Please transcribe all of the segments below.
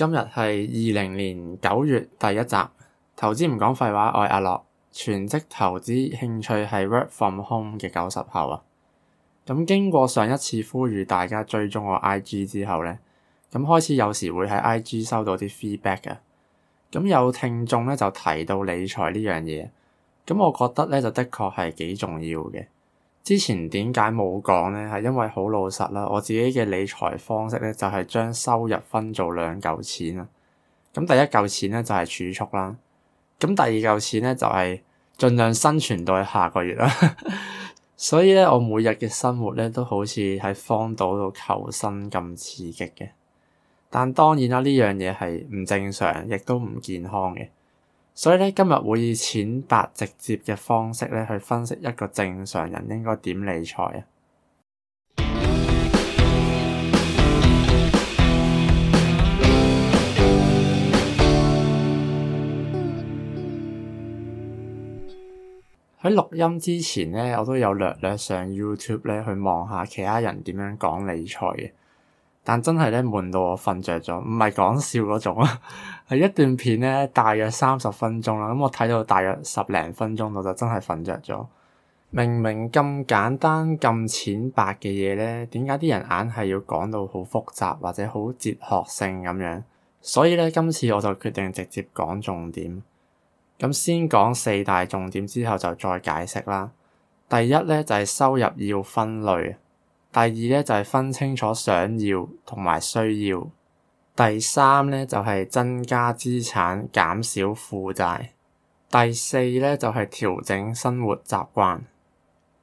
今日係二零年九月第一集，投資唔講廢話，我阿樂全職投資興趣係 work from home 嘅九十後啊。咁經過上一次呼籲大家追蹤我 IG 之後咧，咁開始有時會喺 IG 收到啲 feedback 嘅。咁有聽眾咧就提到理財呢樣嘢，咁我覺得咧就的確係幾重要嘅。之前點解冇講咧？係因為好老實啦，我自己嘅理財方式咧，就係將收入分做兩嚿錢啦。咁第一嚿錢咧就係儲蓄啦，咁第二嚿錢咧就係盡量生存到下個月啦。 所以咧，我每日嘅生活咧都好似喺荒島度求生咁刺激嘅。但當然啦，呢樣嘢係唔正常，亦都唔健康嘅。所以咧，今日會以淺白直接嘅方式咧，去分析一個正常人應該點理財啊。喺 錄音之前咧，我都有略略上 YouTube 咧去望下其他人點樣講理財嘅。但真係咧，悶到我瞓着咗，唔係講笑嗰種啊！係 一段片咧，大約三十分鐘啦，咁我睇到大約十零分鐘，我就真係瞓着咗。明明咁簡單、咁淺白嘅嘢咧，點解啲人硬係要講到好複雜或者好哲學性咁樣？所以咧，今次我就決定直接講重點。咁先講四大重點之後，就再解釋啦。第一咧，就係收入要分類。第二咧就係分清楚想要同埋需要。第三咧就係增加資產，減少負債。第四咧就係調整生活習慣。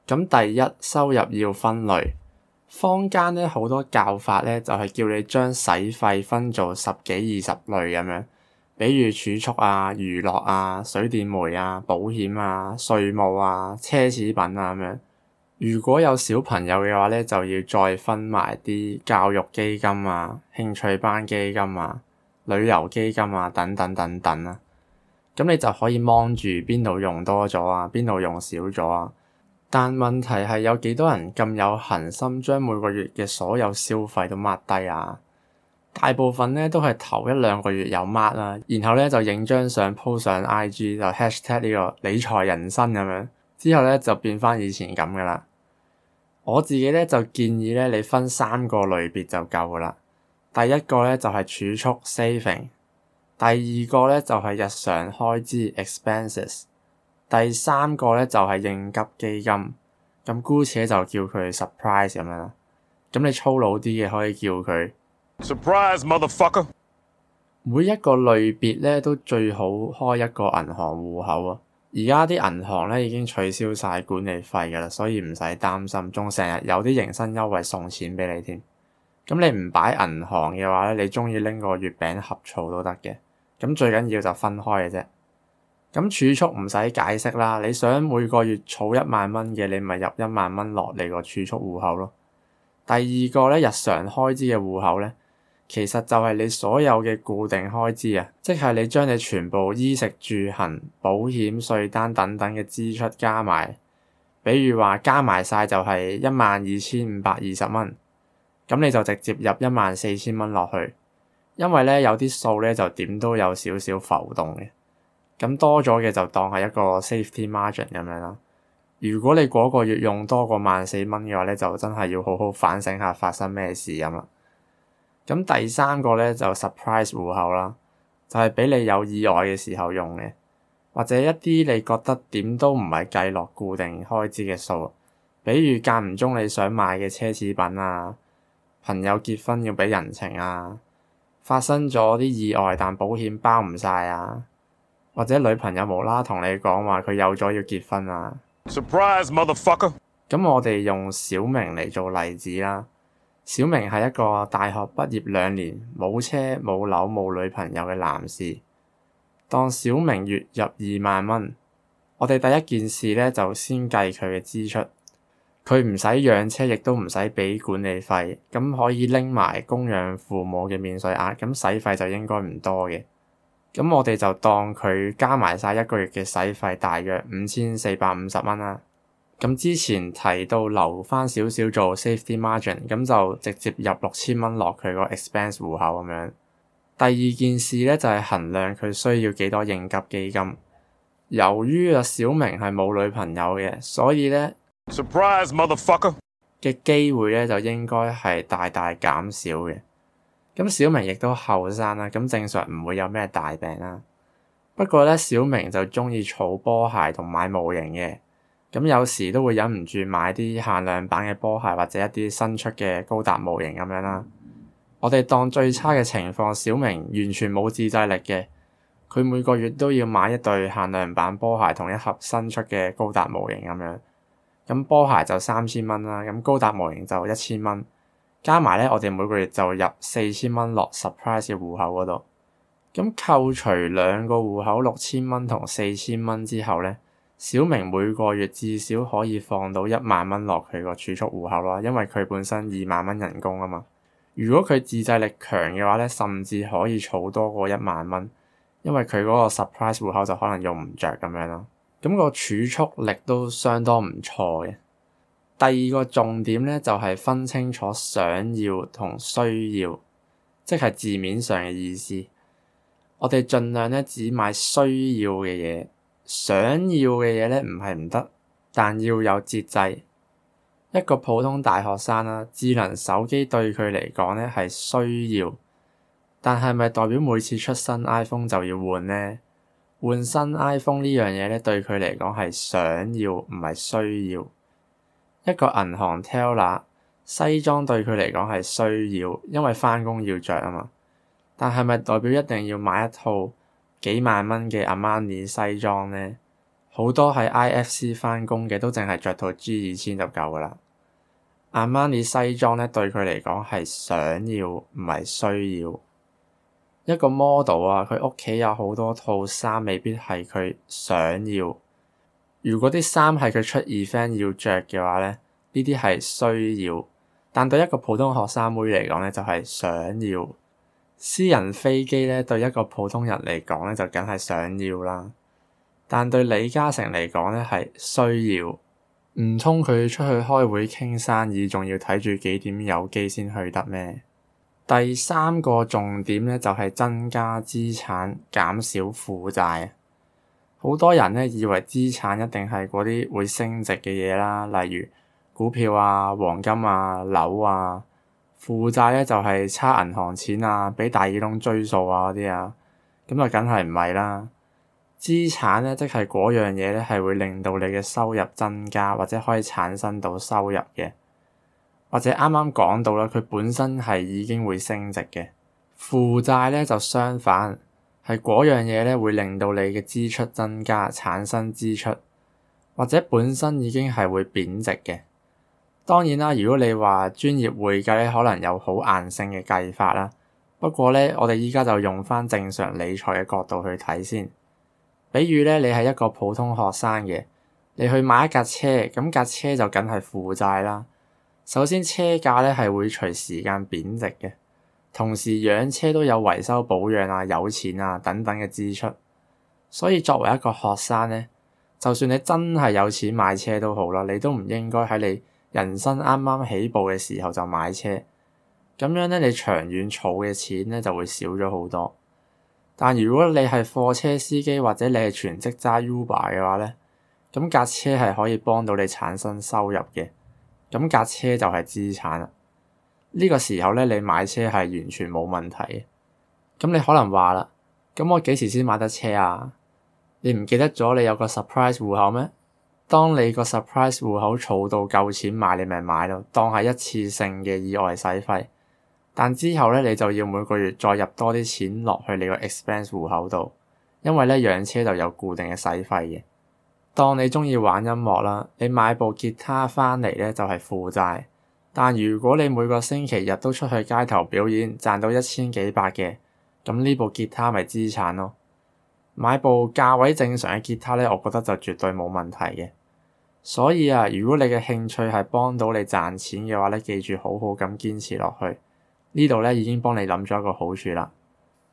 咁第一收入要分類。坊間咧好多教法咧，就係叫你將使費分做十幾二十類咁樣，比如儲蓄啊、娛樂啊、水電煤啊、保險啊、稅務啊、奢侈品啊咁樣。如果有小朋友嘅話咧，就要再分埋啲教育基金啊、興趣班基金啊、旅遊基金啊等等等等啦、啊。咁你就可以望住邊度用多咗啊，邊度用少咗啊。但問題係有幾多人咁有恒心，將每個月嘅所有消費都抹低啊？大部分咧都係頭一兩個月有抹啦，然後咧就影張相 po 上 IG 就 hashtag 呢個理財人生咁樣，之後咧就變翻以前咁噶啦。我自己咧就建議咧，你分三個類別就夠噶啦。第一個咧就係儲蓄 saving，第二個咧就係日常開支 expenses，第三個咧就係應急基金。咁姑且就叫佢 surprise 咁樣啦。咁你粗魯啲嘅可以叫佢 surprise motherfucker。每一個類別咧都最好開一個銀行戶口啊。而家啲銀行咧已經取消晒管理費噶啦，所以唔使擔心。仲成日有啲迎新優惠送錢俾你添。咁你唔擺銀行嘅話咧，你中意拎個月餅盒儲都得嘅。咁最緊要就分開嘅啫。咁儲蓄唔使解釋啦，你想每個月儲一萬蚊嘅，你咪入一萬蚊落嚟個儲蓄戶口咯。第二個咧，日常開支嘅戶口咧。其實就係你所有嘅固定開支啊，即係你將你全部衣食住行、保險、稅單等等嘅支出加埋，比如話加埋晒就係一萬二千五百二十蚊，咁你就直接入一萬四千蚊落去，因為咧有啲數咧就點都有少少浮動嘅，咁多咗嘅就當係一個 safety margin 咁樣啦。如果你嗰個月用多過萬四蚊嘅話咧，就真係要好好反省下發生咩事咁啦。咁第三個咧就 surprise 戶口啦，就係俾你有意外嘅時候用嘅，或者一啲你覺得點都唔係計落固定開支嘅數，比如間唔中你想買嘅奢侈品啊，朋友結婚要俾人情啊，發生咗啲意外但保險包唔晒啊，或者女朋友無啦同你講話佢有咗要結婚啊。Surprise motherfucker！咁我哋用小明嚟做例子啦。小明係一個大學畢業兩年、冇車冇樓冇女朋友嘅男士。當小明月入二萬蚊，我哋第一件事呢，就先計佢嘅支出。佢唔使養車，亦都唔使畀管理費，咁可以拎埋供養父母嘅免稅額，咁使費就應該唔多嘅。咁我哋就當佢加埋晒一個月嘅使費，大約五千四百五十蚊啦。咁之前提到留翻少少做 safety margin，咁就直接入六千蚊落佢個 expense 戶口咁樣。第二件事咧就係衡量佢需要幾多應急基金。由於阿小明係冇女朋友嘅，所以咧 surprise motherfucker 嘅機會咧就應該係大大減少嘅。咁小明亦都後生啦，咁正常唔會有咩大病啦。不過咧，小明就中意儲波鞋同買模型嘅。咁有時都會忍唔住買啲限量版嘅波鞋，或者一啲新出嘅高達模型咁樣啦。我哋當最差嘅情況，小明完全冇自制力嘅，佢每個月都要買一對限量版波鞋同一盒新出嘅高達模型咁樣。咁波鞋就三千蚊啦，咁高達模型就一千蚊，加埋咧，我哋每個月就入四千蚊落 surprise 戶口嗰度。咁扣除兩個戶口六千蚊同四千蚊之後咧。小明每個月至少可以放到一萬蚊落佢個儲蓄戶口啦，因為佢本身二萬蚊人工啊嘛。如果佢自制力強嘅話咧，甚至可以儲多過一萬蚊，因為佢嗰個 surprise 戶口就可能用唔着咁樣咯。咁個儲蓄力都相當唔錯嘅。第二個重點咧就係分清楚想要同需要，即係字面上嘅意思。我哋盡量咧只買需要嘅嘢。想要嘅嘢咧，唔係唔得，但要有節制。一個普通大學生啦，智能手機對佢嚟講咧係需要，但係咪代表每次出新 iPhone 就要換呢？換新 iPhone 呢樣嘢咧，對佢嚟講係想要，唔係需要。一個銀行 teller 西裝對佢嚟講係需要，因為翻工要着啊嘛。但係咪代表一定要買一套？幾萬蚊嘅阿瑪尼西裝呢，好多喺 IFC 翻工嘅都淨係着套 G 二千就夠噶啦。阿瑪尼西裝呢，對佢嚟講係想要，唔係需要。一個 model 啊，佢屋企有好多套衫，未必係佢想要。如果啲衫係佢出 event 要着嘅話呢，呢啲係需要。但對一個普通學生妹嚟講呢，就係、是、想要。私人飛機咧，對一個普通人嚟講咧，就梗係想要啦。但對李嘉誠嚟講咧，係需要。唔通佢出去開會傾生意，仲要睇住幾點有機先去得咩？第三個重點咧，就係增加資產，減少負債。好多人咧，以為資產一定係嗰啲會升值嘅嘢啦，例如股票啊、黃金啊、樓啊。負債咧就係差銀行錢啊，俾大耳窿追數啊嗰啲啊，咁啊梗係唔係啦。資產咧即係嗰樣嘢咧係會令到你嘅收入增加，或者可以產生到收入嘅，或者啱啱講到啦，佢本身係已經會升值嘅。負債咧就相反，係嗰樣嘢咧會令到你嘅支出增加，產生支出，或者本身已經係會貶值嘅。當然啦，如果你話專業會計，可能有好硬性嘅計法啦。不過咧，我哋依家就用翻正常理財嘅角度去睇先。比如咧，你係一個普通學生嘅，你去買一架車，咁架車就梗係負債啦。首先，車價咧係會隨時間貶值嘅，同時養車都有維修保養啊、油錢啊等等嘅支出。所以作為一個學生咧，就算你真係有錢買車都好啦，你都唔應該喺你人生啱啱起步嘅時候就買車，咁樣咧你長遠儲嘅錢咧就會少咗好多。但如果你係貨車司機或者你係全職揸 Uber 嘅話咧，咁架車係可以幫到你產生收入嘅，咁架車就係資產啦。呢個時候咧，你買車係完全冇問題。咁你可能話啦，咁我幾時先買得車啊？你唔記得咗你有個 surprise 戶口咩？當你個 surprise 戶口儲到夠錢買，你咪買咯，當係一次性嘅意外使費。但之後咧，你就要每個月再入多啲錢落去你個 expense 戶口度，因為咧養車就有固定嘅使費嘅。當你鍾意玩音樂啦，你買部吉他返嚟咧就係負債。但如果你每個星期日都出去街頭表演，賺到一千幾百嘅，咁呢部吉他咪資產咯。買部價位正常嘅吉他咧，我覺得就絕對冇問題嘅。所以啊，如果你嘅興趣係幫到你賺錢嘅話咧，記住好好咁堅持落去。呢度咧已經幫你諗咗一個好處啦。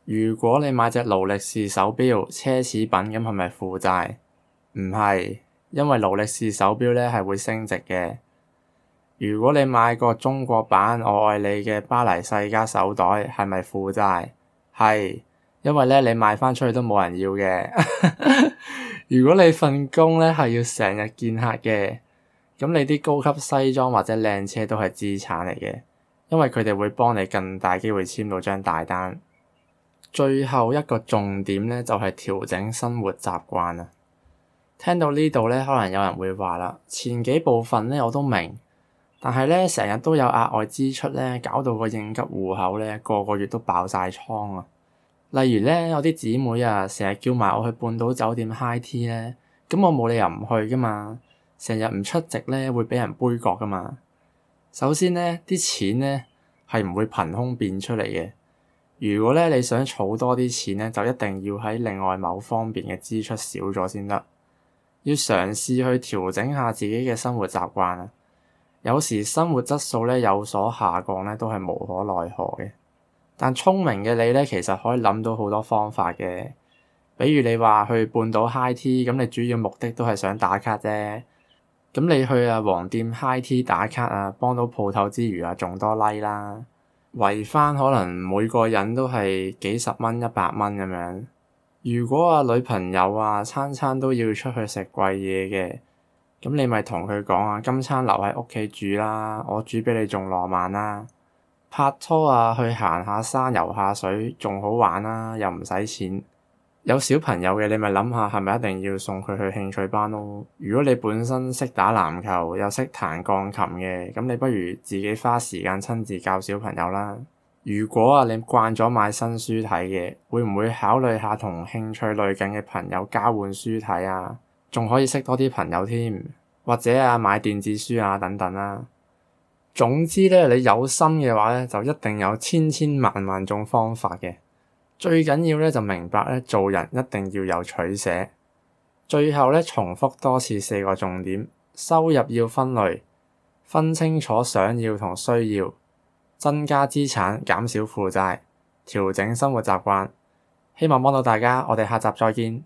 如果你買隻勞力士手錶，奢侈品咁係咪負債？唔係，因為勞力士手錶咧係會升值嘅。如果你買個中國版我愛你嘅巴黎世家手袋，係咪負債？係，因為咧你賣翻出去都冇人要嘅。 如果你份工咧係要成日見客嘅，咁你啲高級西裝或者靚車都係資產嚟嘅，因為佢哋會幫你更大機會簽到張大單。最後一個重點咧就係調整生活習慣啦。聽到呢度咧，可能有人會話啦，前幾部分咧我都明，但係咧成日都有額外支出咧，搞到個應急戶口咧個個月都爆晒倉啊！例如咧，我啲姊妹啊，成日叫埋我去半島酒店 high tea 咧，咁我冇理由唔去噶嘛。成日唔出席咧，會俾人杯葛噶嘛。首先咧，啲錢咧係唔會憑空變出嚟嘅。如果咧你想儲多啲錢咧，就一定要喺另外某方面嘅支出少咗先得。要嘗試去調整下自己嘅生活習慣啊。有時生活質素咧有所下降咧，都係無可奈何嘅。但聰明嘅你呢，其實可以諗到好多方法嘅。比如你話去半島 high tea，咁你主要目的都係想打卡啫。咁你去啊黃店 high tea 打卡啊，幫到鋪頭之餘啊，仲多 like 啦。圍返可能每個人都係幾十蚊、一百蚊咁樣。如果啊女朋友啊餐餐都要出去食貴嘢嘅，咁你咪同佢講啊，今餐留喺屋企煮啦，我煮畀你仲浪漫啦。拍拖啊，去行下山、游下水，仲好玩啦，啊，又唔使錢。有小朋友嘅，你咪諗下，係咪一定要送佢去興趣班咯？如果你本身識打籃球又識彈鋼琴嘅，咁你不如自己花時間親自教小朋友啦。如果啊，你慣咗買新書睇嘅，會唔會考慮下同興趣類近嘅朋友交換書睇啊？仲可以識多啲朋友添，或者啊買電子書啊等等啦，啊。總之咧，你有心嘅話咧，就一定有千千萬萬種方法嘅。最緊要咧就明白咧，做人一定要有取捨。最後咧，重複多次四個重點：收入要分類，分清楚想要同需要，增加資產，減少負債，調整生活習慣。希望幫到大家，我哋下集再見。